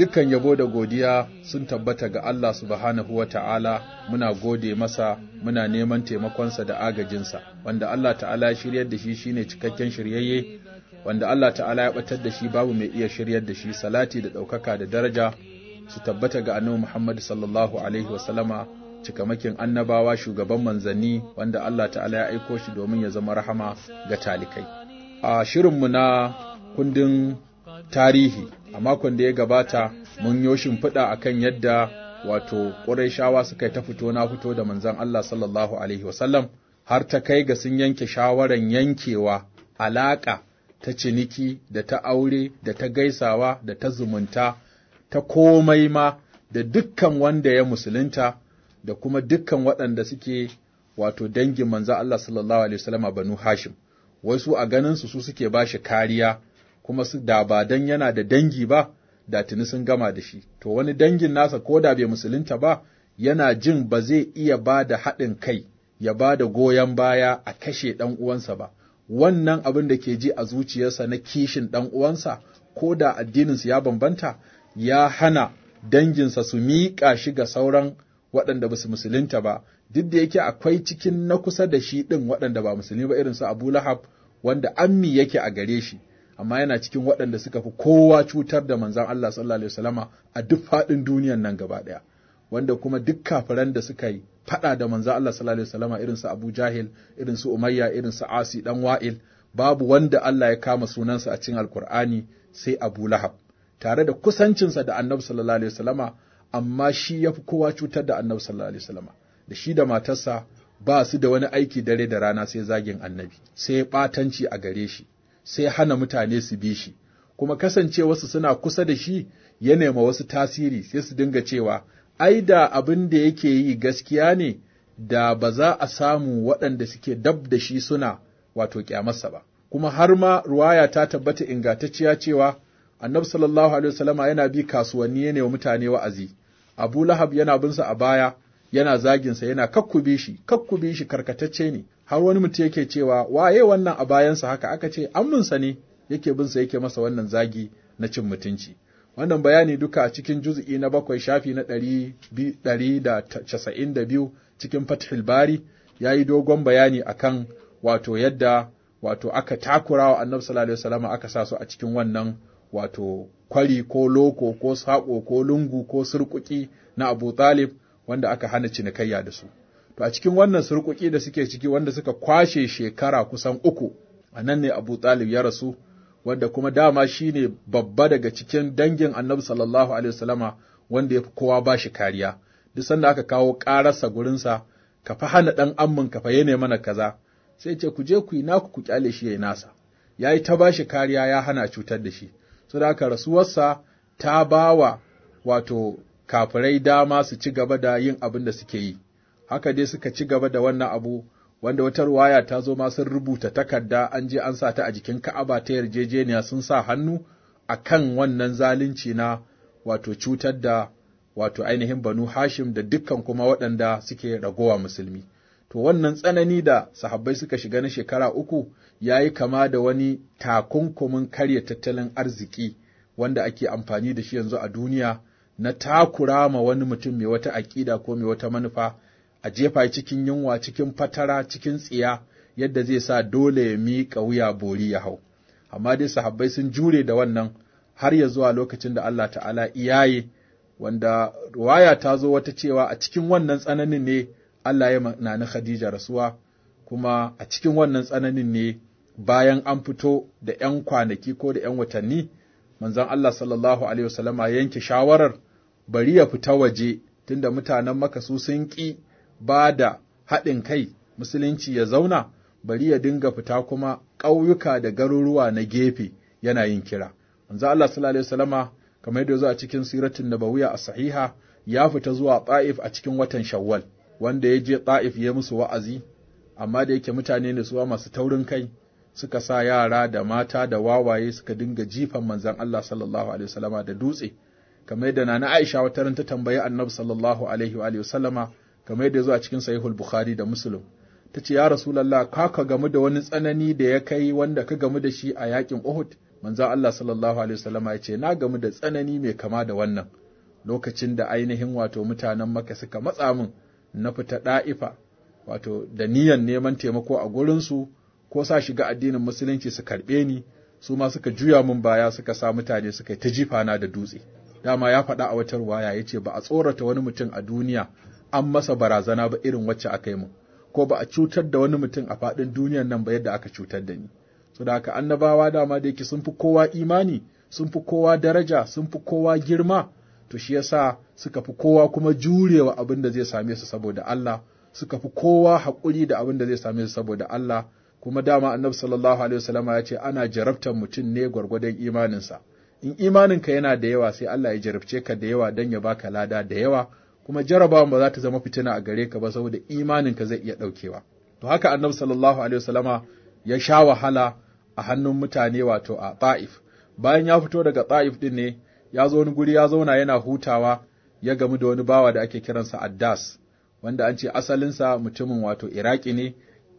Dukkan yabo da godiya sun tabbata ga Allah subhanahu wa ta'ala muna gode masa muna neman taimakonsa da agajinsa, wanda Allah ta'ala ya shiryar da shi shine cikakken shiryayye, wanda Allah ta'ala ya batar da shi babu mai iya shiryar da shi salati da ɗaukaka da daraja su tabbata ga annabi Muhammad sallallahu alaihi wasallama cikamakin annabawa shugaban manzanni wanda Allah ta'ala ya aiko shi domin ya zama rahama ga talikai. A shirinmu na kundin tarihi makon da ya gabata mun yo shimfiɗa akan yadda wato ƙurayshawa suka yi ta fito na fito da manzon Allah sallallahu alaihi wasallam har ta kai ga sun yanke shawaran yankewa alaƙa ta ciniki da ta aure da ta gaisawa da ta zumunta ta komai ma da dukkan wanda ya musulunta da kuma dukkan waɗanda suke wato dangin manzo Allah sallallahu alaihi wasallama banu Hashim wasu a ganin su su suke shi kariya kuma su da ba dan yana da dangi ba da tuni sun gama da shi to wani dangin nasa ko da bai musulunta ba yana jin ba zai iya ba da haɗin kai ya ba da goyon baya a kashe ɗan uwansa ba wannan abin da ke ji a zuciyarsa na kishin ɗan uwansa ko da su ya bambanta ya hana danginsa su miƙa shi ga sauran waɗanda ba su musulunta ba duk da yake akwai cikin na kusa da shi ɗin waɗanda ba musulmi ba irin su Abu Lahab wanda ammi yake a gare shi amma yana cikin waɗanda suka fi kowa cutar da manzan Allah sallallahu alaihi a duk faɗin duniyan nan gaba ɗaya wanda kuma duk kafiran da suka yi faɗa da manzan Allah sallallahu alaihi irin su Abu Jahil irin su Umayya irin su Asi dan Wa'il babu wanda Allah ya kama sunansa a cikin Alkur'ani sai Abu Lahab tare da kusancinsa da Annabi sallallahu alaihi amma shi ya fi kowa cutar da Annabi sallallahu alaihi da shi da matarsa ba su da wani aiki dare da rana sai zagin Annabi sai ɓatanci a gare shi sai hana mutane su bi shi, kuma kasance wasu suna kusa da shi ya nema wasu tasiri sai su dinga cewa, ai da abin da yake yi gaskiya ne da ba za a samu waɗanda suke dab da shi suna wato ƙyamarsa ba. Kuma har ma ruwaya ta tabbata ingantacciya cewa annabi sallallahu alaihi wasallama yana bi kasuwanni ya nema mutane wa'azi. Abu Lahab yana binsa a baya, yana zaginsa yana kakkube shi, kakkube shi karkatacce ne, har wani mutum yake cewa waye wannan a bayansa haka aka ce amminsa ne yake binsa yake masa wannan zagi na cin mutunci wannan bayani duka a cikin juz'i na bakwai shafi na ɗari da casa'in da biyu cikin fathul bari ya yi dogon bayani akan wato yadda wato aka takura wa annabi sallallahu alaihi wasallam aka sa su a cikin wannan wato kwari ko loko ko saƙo ko lungu ko surƙuƙi na Abu Talib wanda aka hana cinikayya da su. to a cikin wannan surkuki da suke ciki wanda suka kwashe shekara kusan uku a nan ne Abu Talib ya rasu wanda kuma dama shine babba daga cikin dangin Annabi sallallahu alaihi wasallama wanda ya fi kowa ba shi kariya duk sanda aka kawo ƙararsa gurinsa ka fa hana ɗan ammin ka fa yene mana kaza sai ce ku je ku yi naku ku kyale shi ya yi nasa ya yi ta ba shi kariya ya hana cutar da shi saboda aka rasuwarsa ta bawa wato kafirai dama su ci gaba da yin abin da suke yi haka dai suka ci gaba da wannan abu wanda wata ruwaya ta zo ma sun rubuta takarda an je an sa ta a jikin Ka'aba ta yarjejeniya sun sa hannu a kan wannan zalunci na wato cutar da wato ainihin Banu Hashim da dukkan kuma waɗanda suke ragowa musulmi. To wannan tsanani da sahabbai suka shiga na shekara uku ya yi kama da wani takunkumin karya tattalin arziki wanda ake amfani da shi yanzu a duniya na takura ma wani mutum mai wata aƙida ko mai wata manufa a jefa cikin yunwa cikin fatara cikin tsiya yadda zai sa dole ya miƙa wuya bori ya hau amma dai sahabbai sun jure da wannan har ya zuwa lokacin da Allah ta'ala iyaye wanda ruwaya ta zo wata cewa a cikin wannan tsananin ne Allah ya ni Khadija rasuwa kuma a cikin wannan tsananin ne bayan an fito da ‘yan kwanaki ko da ‘yan watanni manzon Allah sallallahu alaihi wasallama yanke shawarar bari ya fita waje tunda mutanen maka su sun ƙi ba da haɗin kai musulunci ya zauna bari ya dinga fita kuma ƙauyuka da garuruwa na gefe yana yin kira manzo Allah sallallahu alaihi wasallama kamar yadda zuwa cikin da nabawiya a sahiha ya fita zuwa Ta'if a cikin watan Shawwal wanda ya je Ta'if ya musu wa'azi amma da yake mutane ne suwa masu taurin kai suka sa yara da mata da wawaye suka dinga jifan manzon Allah sallallahu alaihi wasallama da dutse kamar yadda nana Aisha wata ta tambayi Annabi sallallahu alaihi wasallama kamar yadda zuwa cikin sahihul bukhari da muslim ta ce ya rasulallah ka ka gamu da wani tsanani da ya kai wanda ka gamu da shi a yakin uhud manzo Allah sallallahu alaihi wasallam ya ce na gamu da tsanani mai kama da wannan lokacin da ainihin wato mutanen maka suka matsa min na fita da'ifa wato da niyan neman taimako a gurinsu ko sa shiga addinin musulunci su karɓe ni su ma suka juya min baya suka sa mutane suka ta jifa na da dutse dama ya faɗa a wata ruwaya ya ce ba a tsorata wani mutum a duniya an masa barazana ba irin wacce aka yi mu ko ba a cutar da wani mutum a faɗin duniyan nan ba yadda aka cutar da ni so da haka annabawa dama da yake sun fi kowa imani sun fi kowa daraja sun fi kowa girma to shi yasa suka fi kowa kuma jurewa abin da zai same su saboda Allah suka fi kowa haƙuri da abin da zai same su saboda Allah kuma dama annabi sallallahu alaihi wasallam ya ce ana jarabtar mutum ne gwargwadon imaninsa in imaninka yana da yawa sai Allah ya jarabce ka da yawa don ya baka lada da yawa kuma jarabawan ba za ta zama fitina a gare ka ba saboda imaninka zai iya ɗaukewa. To haka annabi sallallahu alaihi wasallama ya sha wahala a hannun mutane wato a Ta'if. Bayan ya fito daga Ta'if ɗin ne, ya zo wani guri ya zauna yana hutawa ya gamu da wani bawa da ake kiransa Addas, wanda an ce asalinsa mutumin wato Iraki ne,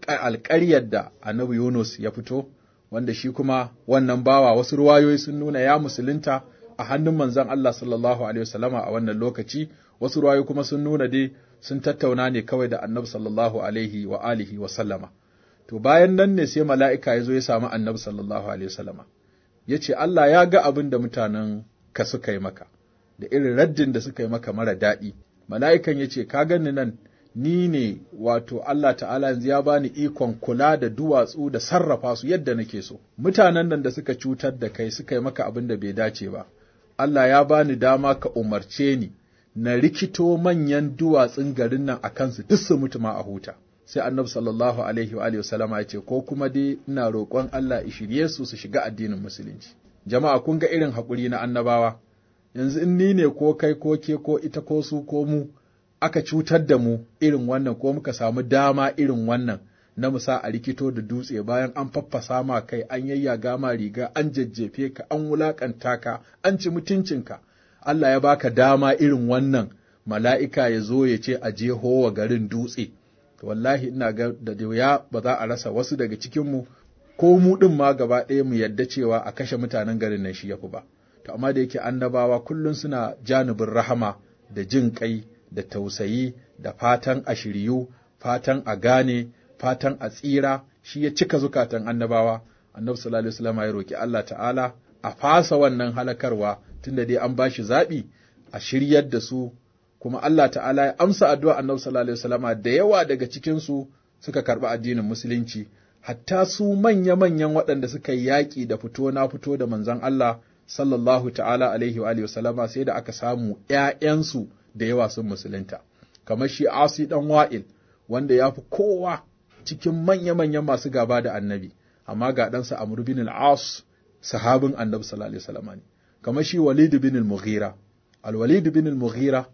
alƙaryar da annabi Yunus ya fito, wanda shi kuma wannan bawa wasu ruwayoyi sun nuna ya musulunta a hannun manzon Allah sallallahu alaihi wasallama a wannan lokaci wasu ruwayo kuma sun nuna dai sun tattauna ne kawai da annabi sallallahu alaihi wa alihi wa sallama to bayan nan ne sai mala'ika ya zo ya samu annabi sallallahu alaihi wa sallama ya ce Allah ya ga abin da mutanen ka suka yi maka da irin raddin da suka yi maka mara daɗi mala'ikan ya ce ka gani nan ni ne wato Allah ta'ala yanzu ya bani ikon kula da duwatsu da sarrafa su yadda nake so mutanen nan da suka cutar da kai suka yi maka abin da bai dace ba Allah ya bani dama ka umarce ni na rikito manyan duwatsun garin nan a kansu duk su mutu ma a huta sai annabi sallallahu alaihi wa alihi wasallama ya ce ko kuma dai ina roƙon Allah ya shirye su su shiga addinin musulunci jama'a kun ga irin haƙuri na annabawa yanzu in ni ne ko kai ko ke ko ita ko su ko mu aka cutar da mu irin wannan ko muka samu dama irin wannan na musa a rikito da dutse bayan an faffasa ma kai an yayyaga ma riga an jajjefe ka an wulakanta ka an ci mutuncinka Allah ya baka dama irin wannan mala'ika ya zo ya ce a wa garin dutse, wallahi ina ga da ya ba za a rasa wasu daga cikinmu ko mu ɗin ma gaba ɗaya mu yadda cewa a kashe mutanen garin nan shi ya fi ba. To amma da yake annabawa kullum suna janibin rahama da jin kai da tausayi da fatan a shiryu, fatan a gane, fatan a tsira, shi ya cika zukatan annabawa. Annabi sallallahu alaihi wasallam ya roki Allah ta'ala a fasa wannan halakarwa Tun da dai an ba shi zaɓi a shiryar da su kuma Allah ta'ala ya amsa addu'a annabi sallallahu alaihi wasallama da yawa daga cikin su suka karɓi addinin musulunci hatta su manya-manyan waɗanda suka yi yaƙi da fito na fito da manzon Allah sallallahu ta'ala alaihi wa wasallama sai da aka samu ‘ya'yansu da yawa sun musulunta, kamar shi Asi ɗan wa'il, wanda ya fi kowa cikin manya-manyan masu gaba da annabi, amma ga ɗansa Amr bin al-As sahabin annabi sallallahu alaihi wasallama ne. kamar shi Walid bin al-Mughira al-Walid bin al-Mughira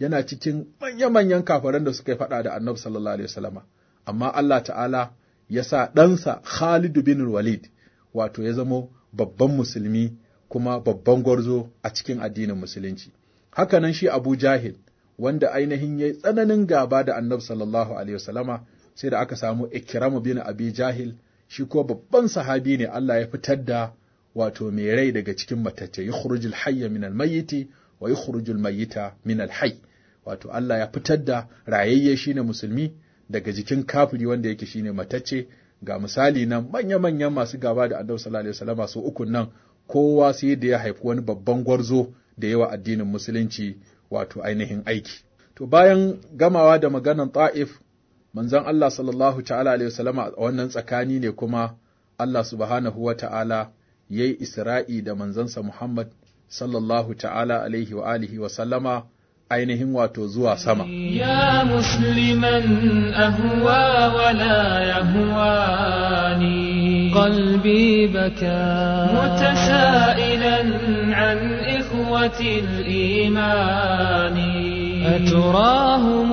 yana cikin manya-manyan kafaran da suka yi faɗa da Annabi sallallahu alaihi wasallama amma Allah ta'ala ya sa ɗansa Khalid bin Walid wato ya zama babban musulmi kuma babban gwarzo a cikin addinin musulunci Haka nan shi Abu Jahil wanda ainihin yayi tsananin gaba da Annabi sallallahu alaihi wasallama sai da aka samu Ikramu bin Abi Jahil shi ko babban sahabi ne Allah ya fitar da wato mai rai daga cikin matacce yukhrujul hayya min mayyiti wa yukhrujul mayyita min hayy wato Allah ya fitar da rayayye shine musulmi daga jikin kafiri wanda yake shine matacce ga misali nan manya-manyan masu gaba da Annabi sallallahu alaihi wasallam su ukun nan kowa sai da ya haifi wani babban gwarzo da yawa addinin musulunci wato ainihin aiki to bayan gamawa da maganan ta'if manzon Allah sallallahu ta'ala alaihi wasallama wannan tsakani ne kuma Allah subhanahu wa ta'ala ya yi isra'i da manzansa Muhammad sallallahu ta'ala alaihi wa alihi wa sallama ainihin wato zuwa sama. Ya musliman ahuwa wa la yahuwani qalbi baka mutasailan an ikhwati al-imani aturahum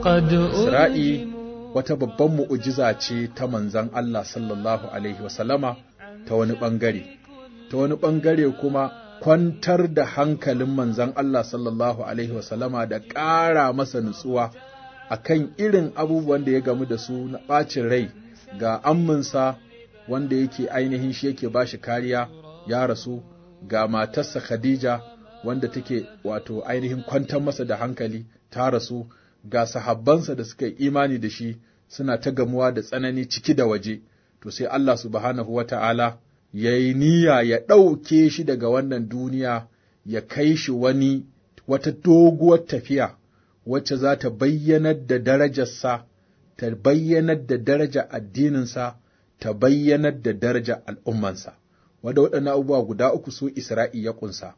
qad Isra'i wata babban mu'ujiza ce ta manzon Allah sallallahu alaihi wa sallama ta wani ɓangare, ta wani ɓangare kuma kwantar da hankalin manzan Allah sallallahu Alaihi wasallama da ƙara masa nutsuwa a kan irin abubuwan da ya gamu da su na ɓacin rai ga amminsa wanda yake ainihin shi yake ba shi kariya ya rasu ga matarsa Khadija wanda take wato ainihin kwantar masa da hankali ta rasu ga sahabbansa da suka yi imani da shi suna ta gamuwa da tsanani ciki da waje. to sai Allah subhanahu wa ta'ala ya yi niyya ya ɗauke shi daga wannan duniya ya kai shi wani wata doguwar tafiya wacce za ta bayyanar da darajarsa, ta bayyanar da daraja addininsa, ta bayyanar da daraja al'ummansa, wadda waɗannan abubuwa guda uku su Isra'i ya ƙunsa,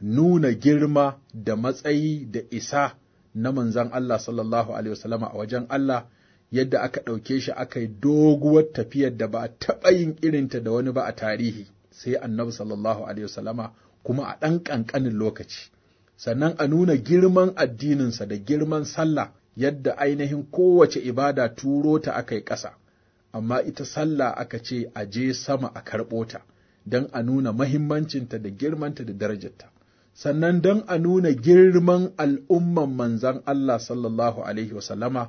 nuna girma da matsayi da isa na manzan Allah sallallahu Alaihi wasallama a wajen Allah yadda aka ɗauke shi aka yi doguwar tafiyar da ba a taɓa yin irinta da wani ba a tarihi sai annabi sallallahu alaihi wasallama kuma a ɗan ƙanƙanin lokaci sannan a nuna girman addininsa da girman sallah yadda ainihin kowace ibada turo ta aka yi ƙasa amma ita sallah aka ce a je sama a karɓo ta don a nuna mahimmancinta da girmanta da darajarta sannan don a nuna girman al'umman manzan Allah sallallahu alaihi wasallama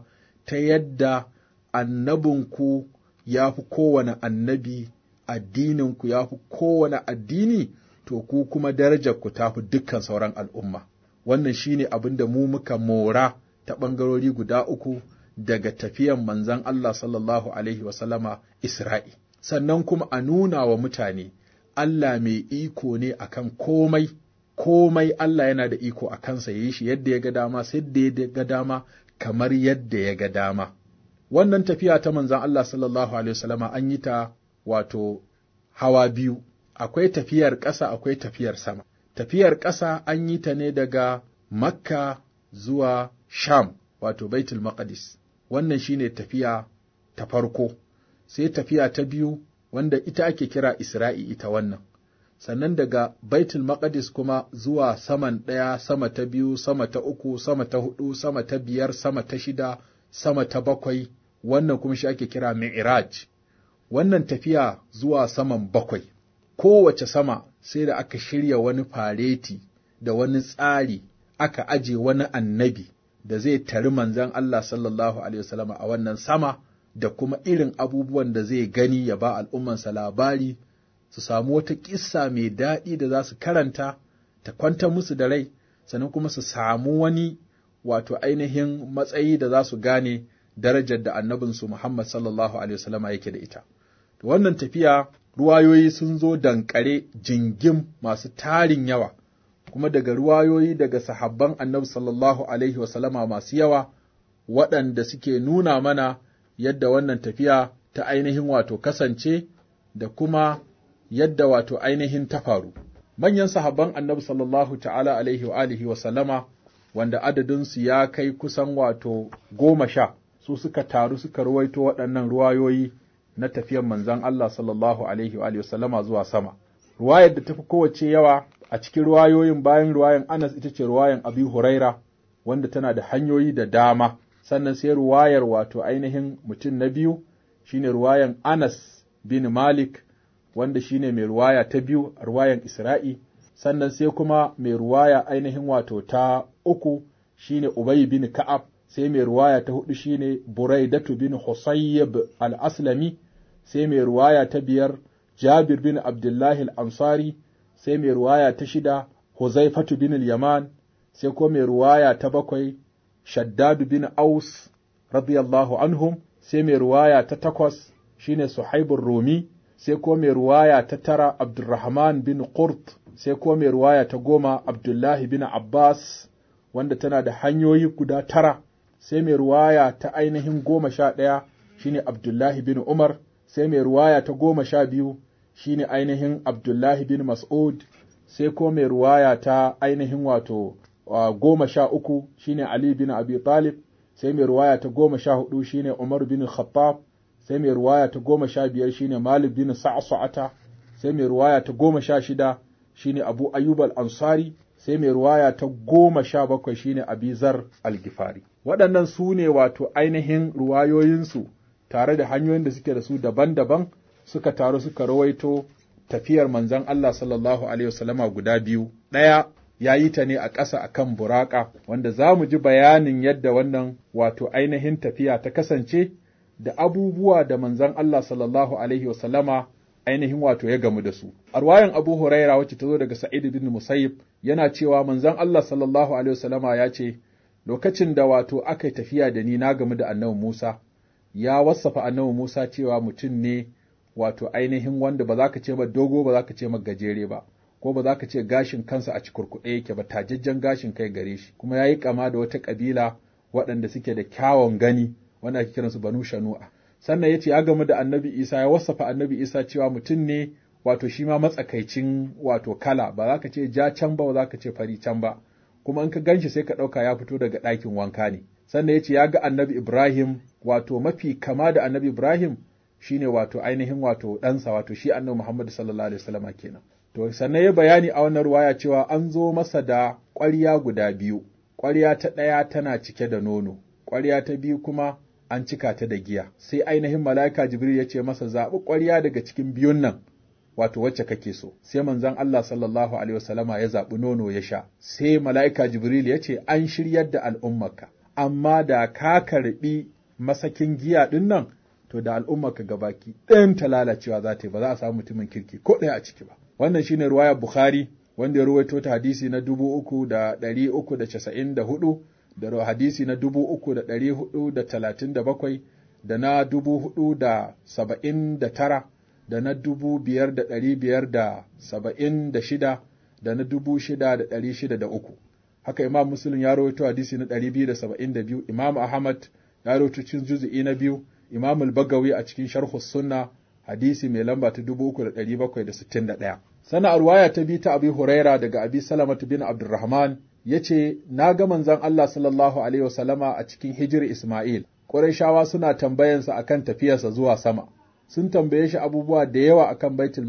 ta yadda annabinku ya fi kowane annabi addininku ya fi kowane addini to ku kuma darajarku ta fi dukkan sauran al'umma wannan shine abin da mu muka mora ta ɓangarori guda uku daga tafiyan manzan Allah sallallahu Alaihi wasallama Isra'i, sannan kuma a nuna wa mutane Allah mai iko ne a kan komai, komai Allah yana da iko a kansa ya yi shi yadda ya ga dama, sai da ya ga dama, kamar yadda ya ga dama. Wannan tafiya ta manzan Allah sallallahu Alaihi wasallama an yi ta wato hawa biyu, akwai tafiyar ƙasa akwai tafiyar sama. Tafiyar ƙasa an yi ta ne daga Makka zuwa Sham, wato Baitul Maqdis. Wannan shine tafiya ta farko, sai tafiya ta biyu wanda ita ake kira Isra'i ita wannan. sannan daga baitul maqdis kuma zuwa saman ɗaya sama ta biyu sama ta uku sama ta hudu sama ta biyar sama ta shida sama ta bakwai wannan kuma shi ake kira mi'raj wannan tafiya zuwa saman bakwai kowace sama sai da aka shirya wani fareti da wani tsari aka aje wani annabi da zai tari manzon Allah sallallahu alaihi wasallam a wannan sama da kuma irin abubuwan da zai gani ya ba al'ummansa labari su samu wata ƙissa mai daɗi da za su karanta ta kwanta musu da rai sannan kuma su samu wani wato ainihin matsayi da za su gane darajar da annabinsu Muhammad sallallahu alaihi wasallama yake da ita. To wannan tafiya ruwayoyi sun zo dankare jingim masu tarin yawa kuma daga ruwayoyi daga sahabban annabi sallallahu alaihi wasallama masu yawa waɗanda suke nuna mana yadda wannan tafiya ta ainihin wato kasance da kuma yadda wato ainihin ta faru manyan sahabban annabi sallallahu ta'ala alaihi wa alihi wa sallama wanda adadinsu ya kai kusan wato goma sha su suka taru suka ruwaito waɗannan ruwayoyi na tafiyar manzan Allah sallallahu alaihi wa alihi wa sallama zuwa sama ruwayar da tafi kowace yawa a cikin ruwayoyin bayan ruwayan Anas ita ce ruwayan Abi Huraira wanda tana da hanyoyi da dama sannan sai ruwayar wato ainihin mutum na biyu shine ruwayan Anas bin Malik wanda shi ne mai ruwaya ta biyu a ruwayan Isra'i sannan sai kuma mai ruwaya ainihin wato ta uku shine Ubayi bin Ka'ab sai mai ruwaya ta hudu shi shine Buraidatu bin Husayyib al-Aslami sai mai ruwaya ta biyar Jabir bin Abdullahi al-Ansari sai mai ruwaya ta shida Huzaifatu bin yaman sai kuma mai ruwaya ta bakwai Shaddadu bin Aus radiyallahu anhum sai mai ruwaya ta takwas shine Suhaibur Rumi sai ko mai ruwaya ta tara Abdulrahman bin Qurt sai ko mai ruwaya ta goma Abdullahi bin Abbas wanda tana da hanyoyi guda tara sai mai ruwaya ta ainihin goma sha ɗaya shi ne Abdullahi bin Umar sai mai ruwaya ta goma sha biyu shi ne ainihin Abdullahi bin Mas'ud sai ko mai ruwaya ta ainihin wato goma sha uku shi ne Ali bin Abi Talib sai mai ruwaya ta goma sha hudu ne Umar bin Khattab sai mai ruwaya ta goma sha biyar shine Malik bin Sa'sa'ata sai mai ruwaya ta goma sha shida shine Abu Ayyub al-Ansari sai mai ruwaya ta goma sha bakwai shine Abizar al-Gifari waɗannan su ne wato ainihin ruwayoyinsu tare da hanyoyin da suke da su daban-daban suka taru suka rawaito tafiyar manzon Allah sallallahu alaihi wasallama guda biyu ɗaya ya yi ta ne a ƙasa a kan buraƙa, wanda za mu ji bayanin yadda wannan wato ainihin tafiya ta kasance da abubuwa da manzan Allah sallallahu alaihi wasallama ainihin wato ya gamu da su. Arwayan Abu Huraira wacce ta zo daga Sa'id bin Musayyib yana cewa manzan Allah sallallahu alaihi wasallama ya ce lokacin da wato aka yi tafiya da ni na gamu da Annabi Musa ya wasafa Annabi Musa cewa mutum ne wato ainihin wanda ba za ka ce dogo ba za ka ce ma gajere ba ko ba za ka ce gashin kansa a cikurkuɗe yake ba tajajjen gashin kai gare shi kuma ya yi kama da wata ƙabila waɗanda suke da kyawun gani wanda ake kiransu banu shanu'a sannan yace ya gamu da annabi Isa ya wasafa annabi Isa cewa mutum ne wato shi ma matsakaicin wato kala ba za ka ce ja can ba ba za ka ce fari can ba kuma in ka ganshi sai ka ɗauka ya fito daga ɗakin wanka ne sannan ya ya ga annabi Ibrahim wato mafi kama da annabi Ibrahim shine wato ainihin wato ɗansa wato shi annabi Muhammadu sallallahu alaihi wasallam kenan to sannan ya bayani a wannan ruwaya cewa an zo masa da ƙwarya guda biyu ƙwarya ta ɗaya tana cike da nono ƙwarya ta biyu kuma an cika ta da giya sai ainihin mala'ika jibril ya ce masa zaɓi ƙwarya daga cikin biyun nan wato wacce kake so sai manzon Allah sallallahu alaihi wasallama ya zaɓi nono ya sha sai mala'ika jibril ya ce an shiryar da al'ummarka amma da ka karɓi masakin giya ɗin nan to da al'ummarka gabaki ɗayan ta lalacewa za ta yi ba za a samu mutumin kirki ko ɗaya a ciki ba wannan shine ruwayar bukhari wanda ya ruwaito ta hadisi na dubu uku da ɗari uku da casa'in da hudu da hadisi na dubu uku da na hudu da da da na dubu biyar da saba'in da da da biyar shida na uku. haka imam Musulun ya rawaito hadisi na biyu da da saba'in biyu. imam ahmad ya rawaito cikin juzu'i na biyu imam al-bagawi a cikin sharhu sunna hadisi mai lamba ta ɗaya. sana'ar waya ta bi ta abi huraira daga abi salamatu bin abdurrahman ya ce, Na ga manzan Allah sallallahu Alaihi wasallama a cikin hijir Ismail, shawa suna tambayansa a kan tafiyarsa zuwa sama, sun tambaye shi abubuwa da yawa a kan Baitul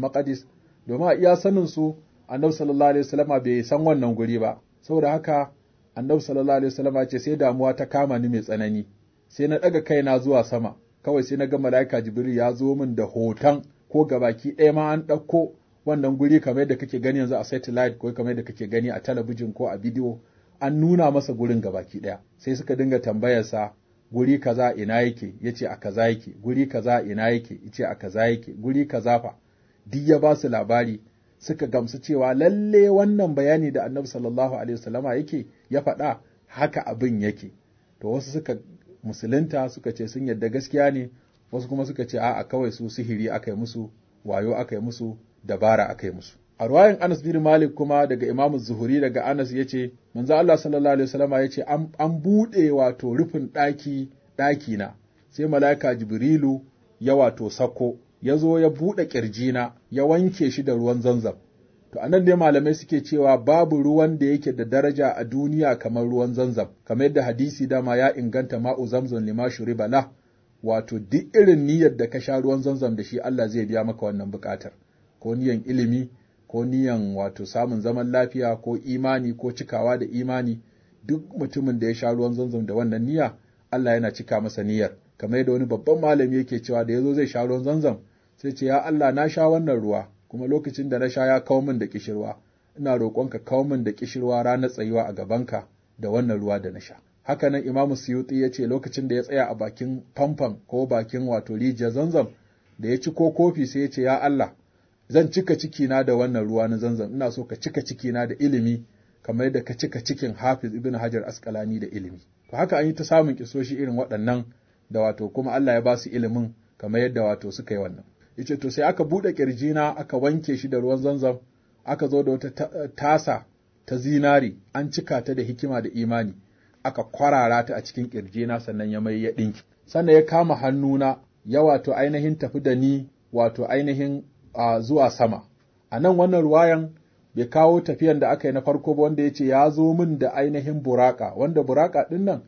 domin a iya saninsu, annabi sallallahu Alaihi wasallama bai san wannan guri ba, saboda haka annabi sallallahu Alaihi wasallama ce sai damuwa ta kama ni mai tsanani, sai na ɗaga kaina zuwa sama, kawai sai na ga mala'ika Jibril ya zo min da hoton ko gabaki ɗaya ma an ɗauko wannan guri kamar yadda kake gani yanzu a satellite ko kamar yadda kake gani a talabijin ko a bidiyo an nuna masa gurin gabaki daya sai suka dinga tambayarsa guri kaza ina yake yace a kaza yake guri kaza ina yake yace a kaza yake guri kaza fa duk ya ba su labari suka gamsu cewa lalle wannan bayani da annabi sallallahu alaihi wasallama yake ya faɗa haka abin yake to wasu suka musulunta suka ce sun yadda gaskiya ne wasu kuma suka ce a'a kawai su sihiri aka yi musu wayo aka yi musu dabara aka yi musu a ruwayin Anas bin Malik kuma daga Imam Zuhuri daga Anas ya ce, manzo Allah sallallahu alaihi wasallama yace an, an buɗe wato rufin ɗaki ɗaki na sai malaika Jibrilu ya wato sako ya zo ya buɗe ƙirji na ya wanke shi da ruwan zanzam to a nan ne malamai suke cewa babu ruwan da yake da daraja a duniya kamar ruwan zanzam kamar yadda hadisi dama ya inganta ma'u zamzam lima shuriba wato duk irin niyyar da ka sha ruwan zanzam da shi Allah zai biya maka wannan buƙatar. ko niyan ilimi ko niyan wato samun zaman lafiya ko imani ko cikawa da imani duk mutumin da ya sha ruwan zamzam da wannan niyya Allah yana cika masa niyyar kamar yadda wani babban malami yake cewa da yazo zai sha ruwan zamzam sai ce ya Allah na sha wannan ruwa kuma lokacin da na sha ya kawo min da kishirwa ina ka kawo min da kishirwa ranar tsayuwa a gaban ka da wannan ruwa da na sha haka nan imamu suyuti ya ce lokacin da ya tsaya a bakin famfam ko bakin wato rijiyar zanzam da ya ci ko kofi sai ya ce ya Allah zan cika cikina da wannan ruwa na zanzan ina so ka cika cikina da ilimi kamar yadda ka cika cikin hafiz ibn hajar askalani da ilimi to haka an yi ta samun kisoshi irin waɗannan da wato kuma Allah ya ba su ilimin kamar yadda wato suka yi wannan yace to sai aka buɗe na aka wanke shi da ruwan zanzan aka zo da wata tasa ta zinari an cika ta da hikima da imani aka kwarara ta a cikin na sannan ya mai ya ɗinki sannan ya kama hannuna ya wato ainihin tafi da ni wato ainihin a zuwa sama a nan wannan ruwayan bai kawo tafiyan da aka yi na farko ba wanda ya ce ya zo min da ainihin buraka wanda buraka ɗin nan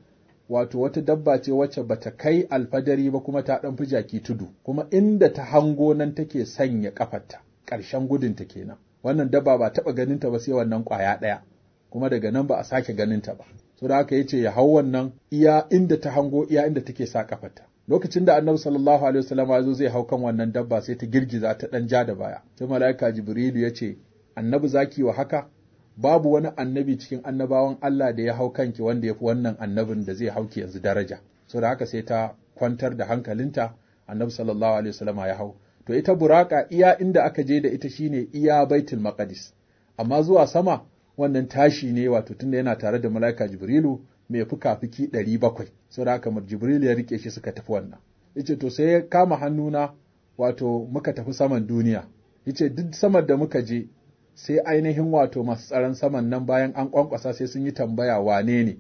wato wata dabba ce wacce ba ta kai alfadari ba kuma ta ɗan fi jaki tudu kuma inda ta hango nan take sanya kafarta ƙarshen gudun gudunta kenan wannan dabba ba taɓa ganinta ba sai wannan ƙwaya ɗaya kuma daga nan ba a sake ganin ta ba so da haka ce ya hau wannan iya inda ta hango iya inda take sa kafarta lokacin da annabi sallallahu alaihi wasallam ya zo zai hau kan wannan dabba sai ta girgiza ta dan ja da baya sai mala'ika jibrilu ya ce annabi zaki wa haka babu wani annabi cikin annabawan Allah da ya hau kanki wanda ya fi wannan annabin da zai hauki yanzu daraja so da haka sai ta kwantar da hankalinta annabi sallallahu alaihi wasallam ya hau to ita buraka iya inda aka je da ita shine iya baitul maqdis amma zuwa sama wannan tashi ne wato tunda yana tare da mala'ika jibrilu mai fuka-fuki ɗari bakwai sau da haka jibril ya rike shi suka tafi wannan yace to sai ya kama hannuna wato muka tafi saman duniya yace duk saman da muka je sai ainihin wato masu tsaron saman nan bayan an kwankwasa sai sun yi tambaya wane ne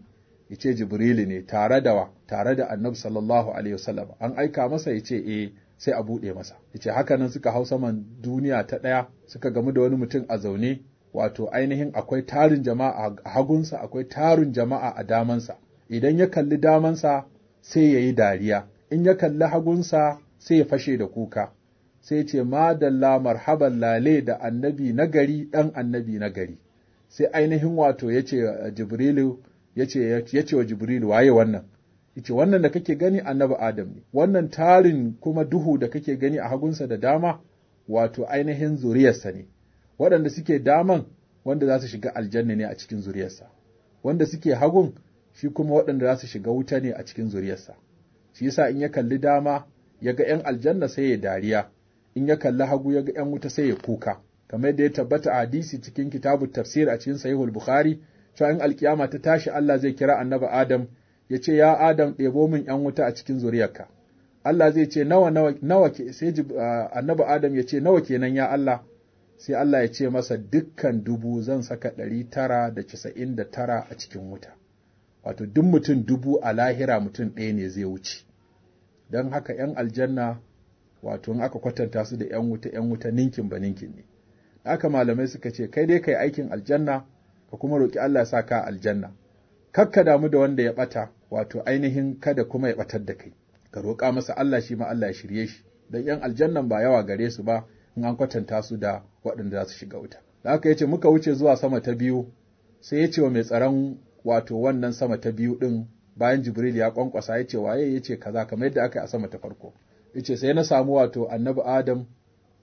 yace jibrilu ne tare da wa tare da annabi sallallahu alaihi wasallam an aika masa yace eh sai a buɗe masa yace haka nan suka hau saman duniya ta ɗaya suka gamu da wani mutum a zaune wato ainihin akwai tarin jama'a a hagunsa akwai tarin jama'a a damansa idan ya kalli damansa sai ya yi dariya in ya kalli hagunsa sai ya fashe da kuka sai ce madalla marhaban lale da annabi nagari ɗan annabi nagari sai ainihin wato ya ce jibrilu ya ce wa jibrilu waye wannan yace wannan da kake gani annabi adam ne wannan tarin kuma duhu da kake gani a hagunsa da dama wato ainihin zuriyarsa ne waɗanda suke daman wanda za su shiga aljanna ne a cikin zuriyarsa wanda suke hagun shi kuma waɗanda za su shiga wuta ne a cikin zuriyarsa shi yasa in ya kalli dama ya ga 'yan aljanna sai ya dariya in ya kalli hagu ya ga 'yan wuta sai ya kuka kamar yadda ya tabbata a hadisi cikin kitabu tafsir a cikin sahihul bukhari cewa in alkiyama ta tashi Allah zai kira annabi Adam ya ce ya Adam ɗebo min 'yan wuta a cikin zuriyarka Allah zai ce nawa nawa nawa ke sai annabi Adam ya ce nawa kenan ya Allah sai Allah ya ce masa dukkan dubu zan saka ɗari tara da casa'in da tara a cikin wuta wato duk mutum dubu a lahira mutum ɗaya ne zai wuce don haka ‘yan aljanna wato in aka kwatanta su da ‘yan wuta ‘yan wuta ninkin ba ninkin ne aka malamai suka ce kai dai kai aikin aljanna ka kuma roƙi Allah ya sa ka aljanna kakka damu da wanda ya ɓata wato ainihin kada kuma ya ɓatar da kai ka roƙa masa Allah shi ma Allah ya shirye shi don ‘yan aljannan ba yawa gare su ba in an kwatanta su da waɗanda za su shiga wuta da aka yace muka wuce zuwa sama ta biyu sai ya ce wa mai tsaron wato wannan sama ta biyu ɗin bayan jibril ya kwankwasa ya ce waye ya ce kaza kamar yadda aka yi a sama ta farko ce sai na samu wato annabi adam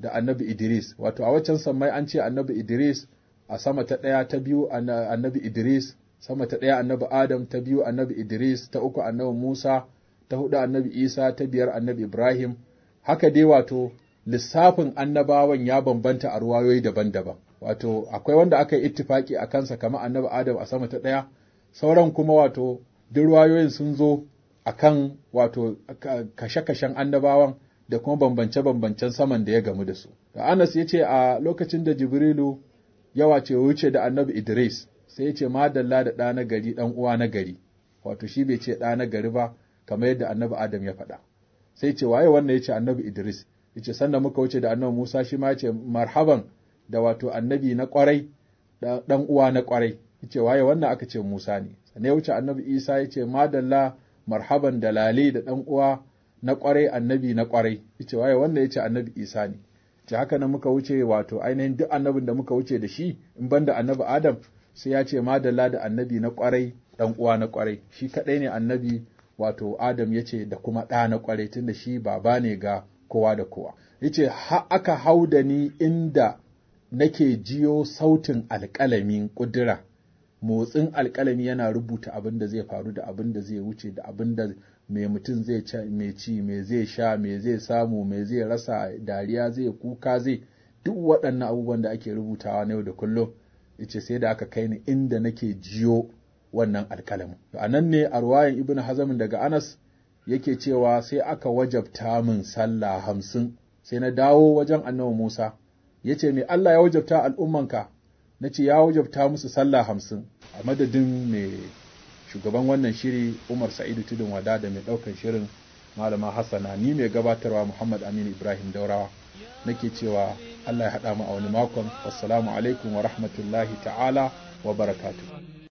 da annabi idris wato a waccan sammai an ce annabi idris a sama ta ɗaya ta biyu annabi idris sama ta ɗaya annabi adam ta biyu annabi idris ta uku annabi musa ta hudu annabi isa ta biyar annabi ibrahim haka dai wato lissafin annabawan ya bambanta a ruwayoyi daban-daban wato akwai wanda aka yi ittifaki a kansa kama annabi adam a sama ta ɗaya sauran kuma wato duk ruwayoyin sun zo a kan wato kashe-kashen annabawan da kuma bambance-bambancen saman da ya gamu da su da anas ya ce a lokacin da jibrilu yawa ce wuce da annabi idris sai ya ce madalla da ɗa na gari ɗan uwa na gari wato shi bai ce ɗa na gari ba kamar yadda annabi adam ya faɗa sai ce waye wannan ya ce annabi idris yace sanda muka wuce da annabi Musa shi ma yace marhaban da wato annabi na kwarai dan uwa na kwarai yace waye wannan aka ce Musa ne sanai wuce annabi Isa yace madalla marhaban da lale da dan uwa na kwarai annabi na kwarai yace waye wannan yace annabi Isa ne ce haka nan muka wuce wato ainihin duk annabin da muka wuce da shi in banda annabi Adam sai ya ce madalla da annabi na kwarai dan uwa na kwarai shi kadai ne annabi wato Adam ya ce da kuma ɗa na kwarai tunda shi baba ne ga kowa da kowa yace ha aka hau da ni inda nake jiyo sautin alƙalamin ƙudura motsin alƙalami yana rubuta abin da zai faru da abin da zai wuce da abin da mai mutum zai ci mai zai sha mai zai samu mai zai rasa dariya zai kuka zai duk waɗannan abubuwan da ake rubutawa na yau da kullum yace sai da aka kai ni inda nake jiyo wannan alƙalamin a nan ne a ruwayan ibn hazamin daga anas yake cewa sai aka wajabta min sallah hamsin sai na dawo wajen annabi Musa Yace ce me Allah ya wajabta al'ummanka na ce ya wajabta musu sallah hamsin a madadin mai shugaban wannan shiri Umar Sa'idu Tudun Wada da mai ɗaukar shirin Malama Hassana ni mai gabatarwa Muhammad Aminu Ibrahim Daurawa nake cewa Allah ya haɗa mu a wani makon wassalamu alaikum wa rahmatullahi ta'ala wa barakatuh